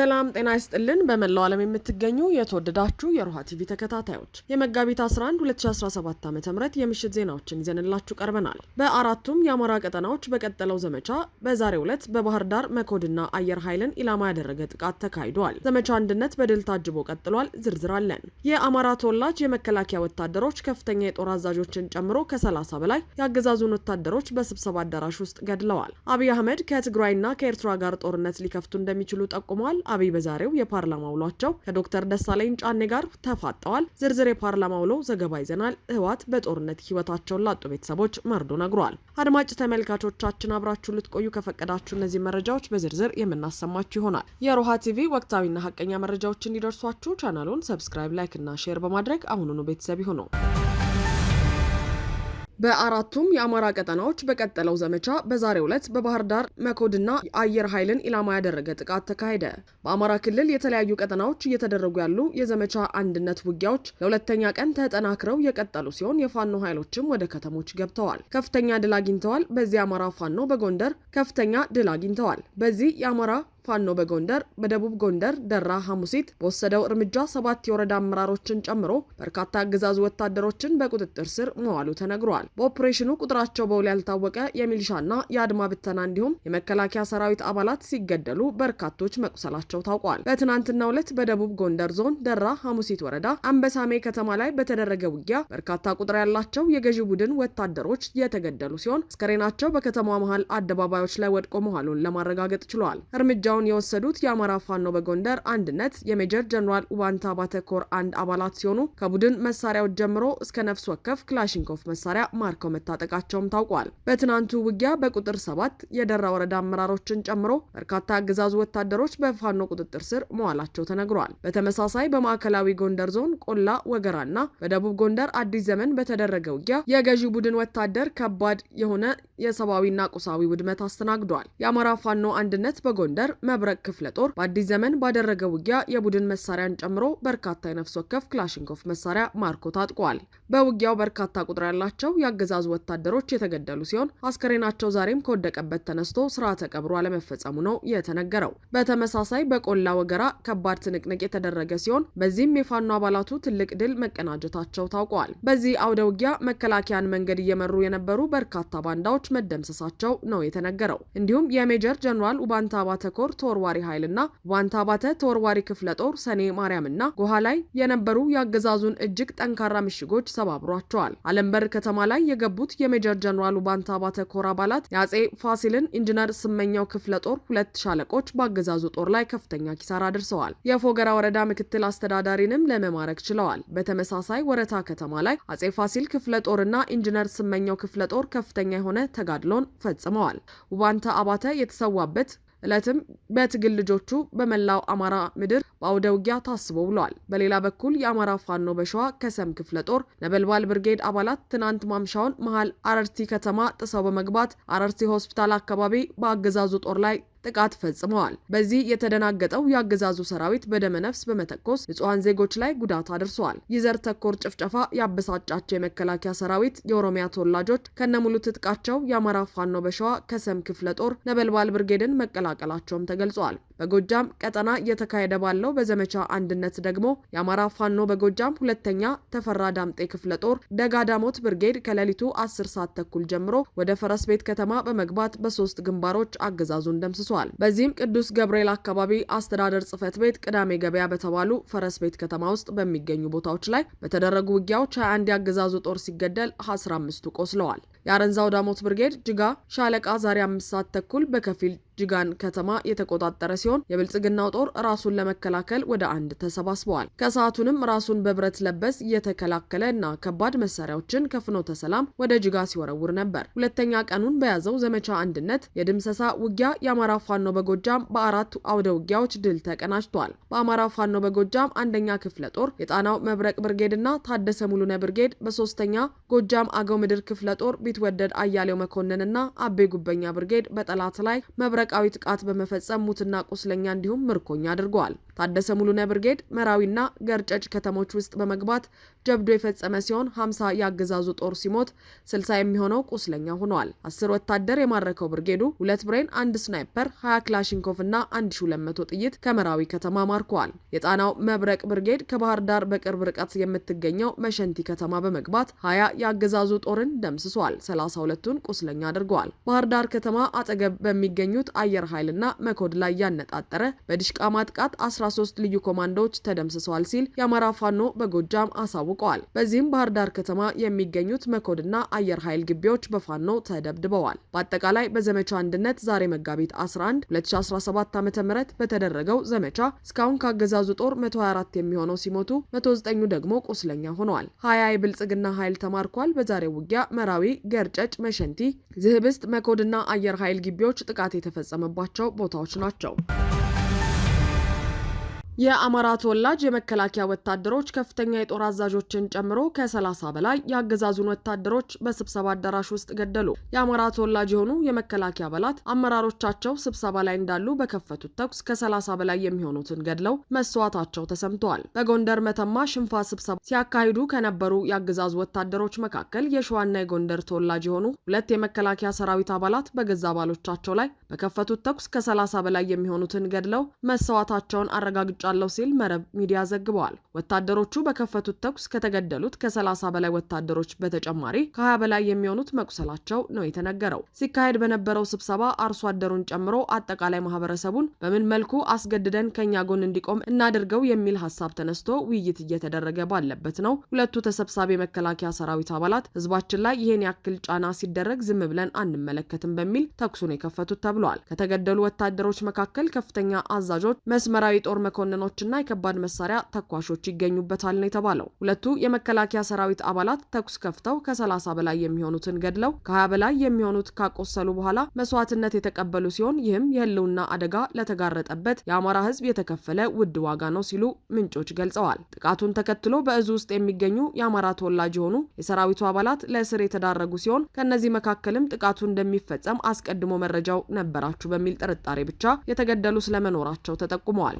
ሰላም ጤና ይስጥልን። በመላው ዓለም የምትገኙ የተወደዳችሁ የሮሃ ቲቪ ተከታታዮች የመጋቢት 11 2017 ዓ ም የምሽት ዜናዎችን ይዘንላችሁ ቀርበናል። በአራቱም የአማራ ቀጠናዎች በቀጠለው ዘመቻ በዛሬው ዕለት በባህር ዳር መኮድና አየር ኃይልን ኢላማ ያደረገ ጥቃት ተካሂዷል። ዘመቻ አንድነት በድል ታጅቦ ቀጥሏል። ዝርዝር አለን። የአማራ ተወላጅ የመከላከያ ወታደሮች ከፍተኛ የጦር አዛዦችን ጨምሮ ከ30 በላይ የአገዛዙን ወታደሮች በስብሰባ አዳራሽ ውስጥ ገድለዋል። አብይ አህመድ ከትግራይና ከኤርትራ ጋር ጦርነት ሊከፍቱ እንደሚችሉ ጠቁመዋል። አብይ በዛሬው የፓርላማ ውሏቸው ከዶክተር ደሳለኝ ጫኔ ጋር ተፋጠዋል። ዝርዝር የፓርላማ ውሎ ዘገባ ይዘናል። ህወሓት በጦርነት ህይወታቸውን ላጡ ቤተሰቦች መርዶ ነግሯል። አድማጭ ተመልካቾቻችን አብራችሁ ልትቆዩ ከፈቀዳችሁ እነዚህ መረጃዎች በዝርዝር የምናሰማችሁ ይሆናል። የሮሃ ቲቪ ወቅታዊና ሀቀኛ መረጃዎች እንዲደርሷችሁ ቻናሉን ሰብስክራይብ፣ ላይክ እና ሼር በማድረግ አሁኑኑ ቤተሰብ ይሁኑ። በአራቱም የአማራ ቀጠናዎች በቀጠለው ዘመቻ በዛሬው ዕለት በባህር ዳር መኮድና አየር ኃይልን ኢላማ ያደረገ ጥቃት ተካሄደ። በአማራ ክልል የተለያዩ ቀጠናዎች እየተደረጉ ያሉ የዘመቻ አንድነት ውጊያዎች ለሁለተኛ ቀን ተጠናክረው የቀጠሉ ሲሆን የፋኖ ኃይሎችም ወደ ከተሞች ገብተዋል፣ ከፍተኛ ድል አግኝተዋል። በዚህ የአማራ ፋኖ በጎንደር ከፍተኛ ድል አግኝተዋል። በዚህ የአማራ ፋኖ በጎንደር በደቡብ ጎንደር ደራ ሐሙሲት በወሰደው እርምጃ ሰባት የወረዳ አመራሮችን ጨምሮ በርካታ አገዛዙ ወታደሮችን በቁጥጥር ስር መዋሉ ተነግሯል። በኦፕሬሽኑ ቁጥራቸው በውል ያልታወቀ የሚሊሻና የአድማ ብተና እንዲሁም የመከላከያ ሰራዊት አባላት ሲገደሉ በርካቶች መቁሰላቸው ታውቋል። በትናንትናው ዕለት በደቡብ ጎንደር ዞን ደራ ሐሙሲት ወረዳ አንበሳሜ ከተማ ላይ በተደረገ ውጊያ በርካታ ቁጥር ያላቸው የገዢ ቡድን ወታደሮች የተገደሉ ሲሆን አስከሬናቸው በከተማ መሀል አደባባዮች ላይ ወድቆ መዋሉን ለማረጋገጥ ችሏል። እርምጃውን እርምጃውን የወሰዱት የአማራ ፋኖ በጎንደር አንድነት የሜጀር ጀኔራል ዋንታ ባተኮር አንድ አባላት ሲሆኑ ከቡድን መሳሪያዎች ጀምሮ እስከ ነፍስ ወከፍ ክላሽንኮቭ መሳሪያ ማርከው መታጠቃቸውም ታውቋል። በትናንቱ ውጊያ በቁጥር ሰባት የደራ ወረዳ አመራሮችን ጨምሮ በርካታ አገዛዙ ወታደሮች በፋኖ ቁጥጥር ስር መዋላቸው ተነግሯል። በተመሳሳይ በማዕከላዊ ጎንደር ዞን ቆላ ወገራና በደቡብ ጎንደር አዲስ ዘመን በተደረገ ውጊያ የገዢው ቡድን ወታደር ከባድ የሆነ የሰብአዊና ቁሳዊ ውድመት አስተናግዷል። የአማራ ፋኖ አንድነት በጎንደር መብረቅ ክፍለ ጦር በአዲስ ዘመን ባደረገ ውጊያ የቡድን መሳሪያን ጨምሮ በርካታ የነፍስ ወከፍ ክላሽንኮፍ መሳሪያ ማርኮ ታጥቋል። በውጊያው በርካታ ቁጥር ያላቸው የአገዛዙ ወታደሮች የተገደሉ ሲሆን አስከሬናቸው ዛሬም ከወደቀበት ተነስቶ ስርዓተ ቀብሩ አለመፈጸሙ ነው የተነገረው። በተመሳሳይ በቆላ ወገራ ከባድ ትንቅንቅ የተደረገ ሲሆን በዚህም የፋኖ አባላቱ ትልቅ ድል መቀናጀታቸው ታውቋል። በዚህ አውደ ውጊያ መከላከያን መንገድ እየመሩ የነበሩ በርካታ ባንዳዎች መደምሰሳቸው ነው የተነገረው። እንዲሁም የሜጀር ጀኔራል ኡባንታ ባተኮር ጦር ተወርዋሪ ኃይልና ዋንታ ባተ ተወርዋሪ ክፍለ ጦር ሰኔ ማርያምና ጎሃ ላይ የነበሩ የአገዛዙን እጅግ ጠንካራ ምሽጎች ሰባብሯቸዋል። አለምበር ከተማ ላይ የገቡት የሜጀር ጀኔራሉ ባንታባተ ኮር አባላት የአጼ ፋሲልን ኢንጂነር ስመኛው ክፍለ ጦር ሁለት ሻለቆች በአገዛዙ ጦር ላይ ከፍተኛ ኪሳራ ደርሰዋል። የፎገራ ወረዳ ምክትል አስተዳዳሪንም ለመማረክ ችለዋል። በተመሳሳይ ወረታ ከተማ ላይ አጼ ፋሲል ክፍለ ጦርና ኢንጂነር ስመኛው ክፍለ ጦር ከፍተኛ የሆነ ተጋድሎን ፈጽመዋል። ውባንታ አባተ የተሰዋበት እለትም በትግል ልጆቹ በመላው አማራ ምድር በአውደ ውጊያ ታስቦ ብለዋል። በሌላ በኩል የአማራ ፋኖ በሸዋ ከሰም ክፍለ ጦር ነበልባል ብርጌድ አባላት ትናንት ማምሻውን መሀል አረርቲ ከተማ ጥሰው በመግባት አረርቲ ሆስፒታል አካባቢ በአገዛዙ ጦር ላይ ጥቃት ፈጽመዋል። በዚህ የተደናገጠው የአገዛዙ ሰራዊት በደመነፍስ በመተኮስ ንጹሐን ዜጎች ላይ ጉዳት አድርሰዋል። ይህ ተኮር ጭፍጨፋ ያበሳጫቸው የመከላከያ ሰራዊት የኦሮሚያ ተወላጆች ከነሙሉ ትጥቃቸው የአማራ ፋኖ በሸዋ ከሰም ክፍለ ጦር ነበልባል ብርጌድን መቀላቀላቸውም ተገልጿል። በጎጃም ቀጠና እየተካሄደ ባለው በዘመቻ አንድነት ደግሞ የአማራ ፋኖ በጎጃም ሁለተኛ ተፈራ ዳምጤ ክፍለ ጦር ደጋዳሞት ብርጌድ ከሌሊቱ አስር ሰዓት ተኩል ጀምሮ ወደ ፈረስ ቤት ከተማ በመግባት በሶስት ግንባሮች አገዛዙን ደምስሷል። በዚህም ቅዱስ ገብርኤል አካባቢ አስተዳደር ጽህፈት ቤት ቅዳሜ ገበያ በተባሉ ፈረስ ቤት ከተማ ውስጥ በሚገኙ ቦታዎች ላይ በተደረጉ ውጊያዎች 21 የአገዛዙ ጦር ሲገደል 15ቱ ቆስለዋል። የአረንዛው ዳሞት ብርጌድ ጅጋ ሻለቃ ዛሬ አምስት ሰዓት ተኩል በከፊል ጅጋን ከተማ የተቆጣጠረ ሲሆን የብልጽግናው ጦር ራሱን ለመከላከል ወደ አንድ ተሰባስበዋል። ከሰዓቱንም ራሱን በብረት ለበስ እየተከላከለ እና ከባድ መሳሪያዎችን ከፍኖተ ሰላም ወደ ጅጋ ሲወረውር ነበር። ሁለተኛ ቀኑን በያዘው ዘመቻ አንድነት የድምሰሳ ውጊያ የአማራ ፋኖ በጎጃም በአራቱ አውደ ውጊያዎች ድል ተቀናጅቷል። በአማራ ፋኖ በጎጃም አንደኛ ክፍለ ጦር የጣናው መብረቅ ብርጌድ እና ታደሰ ሙሉነ ብርጌድ በሶስተኛ ጎጃም አገው ምድር ክፍለ ጦር ቢትወደድ አያሌው መኮንንና አቤ ጉበኛ ብርጌድ በጠላት ላይ መብረቃዊ ጥቃት በመፈጸም ሙትና ቁስለኛ እንዲሁም ምርኮኛ አድርገዋል። ታደሰ ሙሉነ ብርጌድ መራዊና ገርጨጭ ከተሞች ውስጥ በመግባት ጀብዶ የፈጸመ ሲሆን 50 የአገዛዙ ጦር ሲሞት 60 የሚሆነው ቁስለኛ ሆነዋል። አስር ወታደር የማረከው ብርጌዱ ሁለት ብሬን፣ አንድ ስናይፐር፣ 20 ክላሽንኮቭ እና 1200 ጥይት ከመራዊ ከተማ ማርከዋል። የጣናው መብረቅ ብርጌድ ከባህር ዳር በቅርብ ርቀት የምትገኘው መሸንቲ ከተማ በመግባት 20 የአገዛዙ ጦርን ደምስሷል። 32ቱን ቁስለኛ አድርገዋል። ባህር ዳር ከተማ አጠገብ በሚገኙት አየር ኃይልና መኮድ ላይ ያነጣጠረ በድሽቃ ማጥቃት 13 ልዩ ኮማንዶዎች ተደምስሰዋል ሲል የአማራ ፋኖ በጎጃም አሳውቀዋል። በዚህም ባህር ዳር ከተማ የሚገኙት መኮድና አየር ኃይል ግቢዎች በፋኖ ተደብድበዋል። በአጠቃላይ በዘመቻ አንድነት ዛሬ መጋቢት 11 2017 ዓ ም በተደረገው ዘመቻ እስካሁን ከአገዛዙ ጦር 124 የሚሆነው ሲሞቱ 109ኙ ደግሞ ቁስለኛ ሆነዋል። ሀያ የብልጽግና ኃይል ተማርኳል። በዛሬው ውጊያ መራዊ ገርጨጭ፣ መሸንቲ፣ ዝህብስት፣ መኮድና አየር ኃይል ግቢዎች ጥቃት የተፈጸመባቸው ቦታዎች ናቸው። የአማራ ተወላጅ የመከላከያ ወታደሮች ከፍተኛ የጦር አዛዦችን ጨምሮ ከ30 በላይ የአገዛዙን ወታደሮች በስብሰባ አዳራሽ ውስጥ ገደሉ። የአማራ ተወላጅ የሆኑ የመከላከያ አባላት አመራሮቻቸው ስብሰባ ላይ እንዳሉ በከፈቱት ተኩስ ከ30 በላይ የሚሆኑትን ገድለው መስዋዕታቸው ተሰምተዋል። በጎንደር መተማ ሽንፋ ስብሰባ ሲያካሂዱ ከነበሩ የአገዛዙ ወታደሮች መካከል የሸዋና የጎንደር ተወላጅ የሆኑ ሁለት የመከላከያ ሰራዊት አባላት በገዛ አባሎቻቸው ላይ በከፈቱት ተኩስ ከ30 በላይ የሚሆኑትን ገድለው መስዋዕታቸውን አረጋግጫ እወጣለሁ ሲል መረብ ሚዲያ ዘግበዋል። ወታደሮቹ በከፈቱት ተኩስ ከተገደሉት ከ30 በላይ ወታደሮች በተጨማሪ ከ20 በላይ የሚሆኑት መቁሰላቸው ነው የተነገረው። ሲካሄድ በነበረው ስብሰባ አርሶ አደሩን ጨምሮ አጠቃላይ ማህበረሰቡን በምን መልኩ አስገድደን ከኛ ጎን እንዲቆም እናድርገው የሚል ሀሳብ ተነስቶ ውይይት እየተደረገ ባለበት ነው ሁለቱ ተሰብሳቢ የመከላከያ ሰራዊት አባላት ህዝባችን ላይ ይህን ያክል ጫና ሲደረግ ዝም ብለን አንመለከትም በሚል ተኩሱን የከፈቱት ተብሏል። ከተገደሉ ወታደሮች መካከል ከፍተኛ አዛዦች፣ መስመራዊ ጦር መኮንን መኮንኖችና የከባድ መሳሪያ ተኳሾች ይገኙበታል ነው የተባለው። ሁለቱ የመከላከያ ሰራዊት አባላት ተኩስ ከፍተው ከ30 በላይ የሚሆኑትን ገድለው ከ20 በላይ የሚሆኑት ካቆሰሉ በኋላ መስዋዕትነት የተቀበሉ ሲሆን ይህም የህልውና አደጋ ለተጋረጠበት የአማራ ህዝብ የተከፈለ ውድ ዋጋ ነው ሲሉ ምንጮች ገልጸዋል። ጥቃቱን ተከትሎ በእዙ ውስጥ የሚገኙ የአማራ ተወላጅ የሆኑ የሰራዊቱ አባላት ለእስር የተዳረጉ ሲሆን ከእነዚህ መካከልም ጥቃቱ እንደሚፈጸም አስቀድሞ መረጃው ነበራችሁ በሚል ጥርጣሬ ብቻ የተገደሉ ስለመኖራቸው ተጠቁመዋል።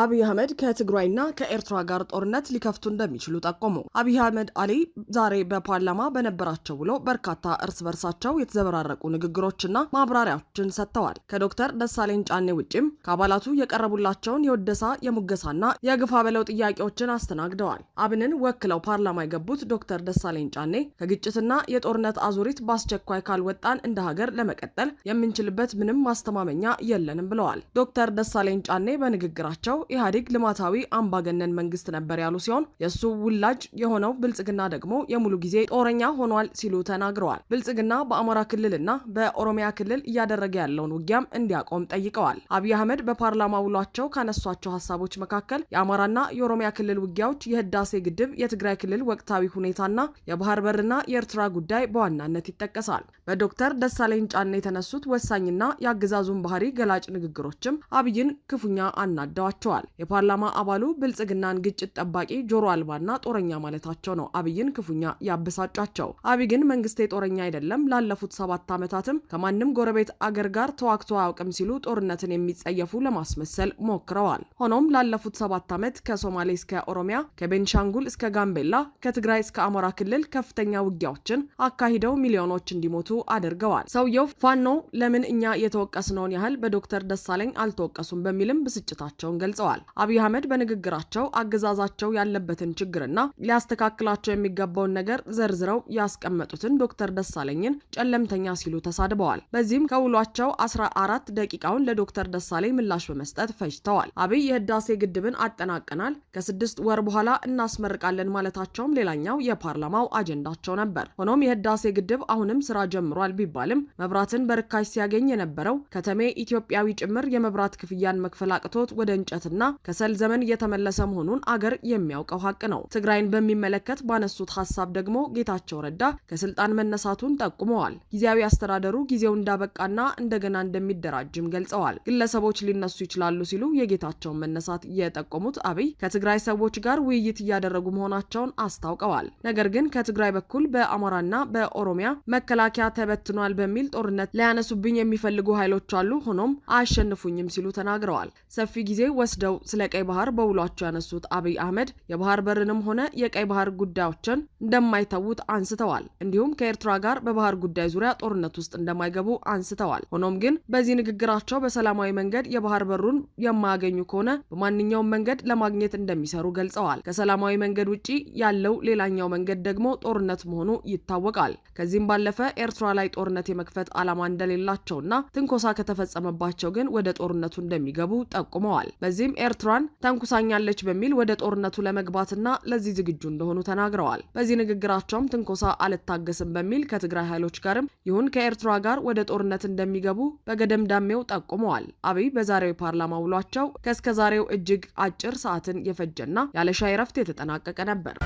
አብይ አህመድ ከትግራይና ከኤርትራ ጋር ጦርነት ሊከፍቱ እንደሚችሉ ጠቆሙ። አብይ አህመድ አሊ ዛሬ በፓርላማ በነበራቸው ውሎ በርካታ እርስ በርሳቸው የተዘበራረቁ ንግግሮችና ማብራሪያዎችን ሰጥተዋል። ከዶክተር ደሳለኝ ጫኔ ውጭም ከአባላቱ የቀረቡላቸውን የወደሳ የሙገሳና የግፋ በለው ጥያቄዎችን አስተናግደዋል። አብንን ወክለው ፓርላማ የገቡት ዶክተር ደሳለኝ ጫኔ ከግጭትና የጦርነት አዙሪት በአስቸኳይ ካልወጣን እንደ ሀገር ለመቀጠል የምንችልበት ምንም ማስተማመኛ የለንም ብለዋል። ዶክተር ደሳለኝ ጫኔ በንግግራቸው ኢህአዴግ ልማታዊ አምባገነን መንግስት ነበር ያሉ ሲሆን የእሱ ውላጅ የሆነው ብልጽግና ደግሞ የሙሉ ጊዜ ጦረኛ ሆኗል ሲሉ ተናግረዋል። ብልጽግና በአማራ ክልልና በኦሮሚያ ክልል እያደረገ ያለውን ውጊያም እንዲያቆም ጠይቀዋል። አብይ አህመድ በፓርላማ ውሏቸው ካነሷቸው ሀሳቦች መካከል የአማራና የኦሮሚያ ክልል ውጊያዎች፣ የህዳሴ ግድብ፣ የትግራይ ክልል ወቅታዊ ሁኔታና የባህር በርና የኤርትራ ጉዳይ በዋናነት ይጠቀሳል። በዶክተር ደሳለኝ ጫኔ የተነሱት ወሳኝና የአገዛዙን ባህሪ ገላጭ ንግግሮችም አብይን ክፉኛ አናደዋቸው ተችተዋል። የፓርላማ አባሉ ብልጽግናን ግጭት ጠባቂ ጆሮ አልባና ጦረኛ ማለታቸው ነው አብይን ክፉኛ ያበሳጫቸው። አብይ ግን መንግስቴ ጦረኛ አይደለም፣ ላለፉት ሰባት ዓመታትም ከማንም ጎረቤት አገር ጋር ተዋግቶ አያውቅም ሲሉ ጦርነትን የሚጸየፉ ለማስመሰል ሞክረዋል። ሆኖም ላለፉት ሰባት ዓመት ከሶማሌ እስከ ኦሮሚያ፣ ከቤንሻንጉል እስከ ጋምቤላ፣ ከትግራይ እስከ አማራ ክልል ከፍተኛ ውጊያዎችን አካሂደው ሚሊዮኖች እንዲሞቱ አድርገዋል። ሰውየው ፋኖ ለምን እኛ የተወቀስነውን ያህል በዶክተር ደሳለኝ አልተወቀሱም በሚልም ብስጭታቸውን ገልጸዋል። ገልጸዋል። አብይ አህመድ በንግግራቸው አገዛዛቸው ያለበትን ችግርና ሊያስተካክላቸው የሚገባውን ነገር ዘርዝረው ያስቀመጡትን ዶክተር ደሳለኝን ጨለምተኛ ሲሉ ተሳድበዋል። በዚህም ከውሏቸው 14 ደቂቃውን ለዶክተር ደሳለኝ ምላሽ በመስጠት ፈጅተዋል። አብይ የህዳሴ ግድብን አጠናቀናል፣ ከስድስት ወር በኋላ እናስመርቃለን ማለታቸውም ሌላኛው የፓርላማው አጀንዳቸው ነበር። ሆኖም የህዳሴ ግድብ አሁንም ስራ ጀምሯል ቢባልም መብራትን በርካሽ ሲያገኝ የነበረው ከተሜ ኢትዮጵያዊ ጭምር የመብራት ክፍያን መክፈል አቅቶት ወደ እንጨት መጥፋትና ከሰል ዘመን እየተመለሰ መሆኑን አገር የሚያውቀው ሀቅ ነው። ትግራይን በሚመለከት ባነሱት ሀሳብ ደግሞ ጌታቸው ረዳ ከስልጣን መነሳቱን ጠቁመዋል። ጊዜያዊ አስተዳደሩ ጊዜው እንዳበቃና እንደገና እንደሚደራጅም ገልጸዋል። ግለሰቦች ሊነሱ ይችላሉ ሲሉ የጌታቸውን መነሳት የጠቆሙት አብይ ከትግራይ ሰዎች ጋር ውይይት እያደረጉ መሆናቸውን አስታውቀዋል። ነገር ግን ከትግራይ በኩል በአማራና በኦሮሚያ መከላከያ ተበትኗል በሚል ጦርነት ሊያነሱብኝ የሚፈልጉ ኃይሎች አሉ፣ ሆኖም አያሸንፉኝም ሲሉ ተናግረዋል። ሰፊ ጊዜ ወስ ወስደው ስለ ቀይ ባህር በውሏቸው ያነሱት አብይ አህመድ የባህር በርንም ሆነ የቀይ ባህር ጉዳዮችን እንደማይተዉት አንስተዋል። እንዲሁም ከኤርትራ ጋር በባህር ጉዳይ ዙሪያ ጦርነት ውስጥ እንደማይገቡ አንስተዋል። ሆኖም ግን በዚህ ንግግራቸው በሰላማዊ መንገድ የባህር በሩን የማያገኙ ከሆነ በማንኛውም መንገድ ለማግኘት እንደሚሰሩ ገልጸዋል። ከሰላማዊ መንገድ ውጪ ያለው ሌላኛው መንገድ ደግሞ ጦርነት መሆኑ ይታወቃል። ከዚህም ባለፈ ኤርትራ ላይ ጦርነት የመክፈት ዓላማ እንደሌላቸውና ትንኮሳ ከተፈጸመባቸው ግን ወደ ጦርነቱ እንደሚገቡ ጠቁመዋል። በዚህ በተጨማሪም ኤርትራን ተንኩሳኛለች በሚል ወደ ጦርነቱ ለመግባትና ለዚህ ዝግጁ እንደሆኑ ተናግረዋል። በዚህ ንግግራቸውም ትንኮሳ አልታገስም በሚል ከትግራይ ኃይሎች ጋርም ይሁን ከኤርትራ ጋር ወደ ጦርነት እንደሚገቡ በገደምዳሜው ጠቁመዋል። አብይ በዛሬው የፓርላማ ውሏቸው ከእስከዛሬው እጅግ አጭር ሰዓትን የፈጀና ያለ ሻይ ረፍት የተጠናቀቀ ነበር።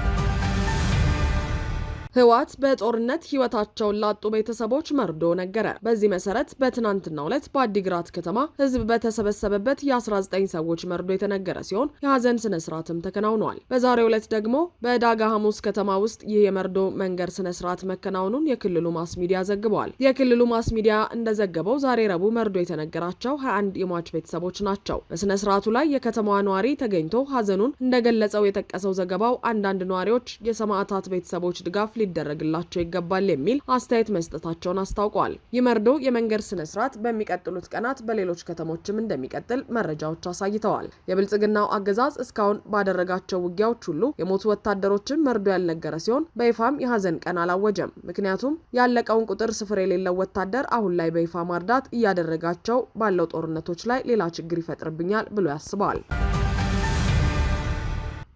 ህወሓት በጦርነት ህይወታቸውን ላጡ ቤተሰቦች መርዶ ነገረ። በዚህ መሰረት በትናንትናው ዕለት በአዲግራት ከተማ ህዝብ በተሰበሰበበት የ19 ሰዎች መርዶ የተነገረ ሲሆን የሀዘን ስነ ስርዓትም ተከናውኗል። በዛሬው ዕለት ደግሞ በዳጋ ሐሙስ ከተማ ውስጥ ይህ የመርዶ መንገድ ስነ ስርዓት መከናወኑን የክልሉ ማስ ሚዲያ ዘግበዋል። የክልሉ ማስ ሚዲያ እንደዘገበው ዛሬ ረቡዕ መርዶ የተነገራቸው 21 የሟች ቤተሰቦች ናቸው። በስነ ስርዓቱ ላይ የከተማዋ ነዋሪ ተገኝቶ ሀዘኑን እንደገለጸው የጠቀሰው ዘገባው አንዳንድ ነዋሪዎች የሰማዕታት ቤተሰቦች ድጋፍ ሊደረግላቸው ይገባል የሚል አስተያየት መስጠታቸውን አስታውቋል። ይመርዶ የመንገድ ስነ ስርዓት በሚቀጥሉት ቀናት በሌሎች ከተሞችም እንደሚቀጥል መረጃዎች አሳይተዋል። የብልጽግናው አገዛዝ እስካሁን ባደረጋቸው ውጊያዎች ሁሉ የሞቱ ወታደሮችን መርዶ ያልነገረ ሲሆን በይፋም የሀዘን ቀን አላወጀም። ምክንያቱም ያለቀውን ቁጥር ስፍር የሌለው ወታደር አሁን ላይ በይፋ ማርዳት እያደረጋቸው ባለው ጦርነቶች ላይ ሌላ ችግር ይፈጥርብኛል ብሎ ያስባል።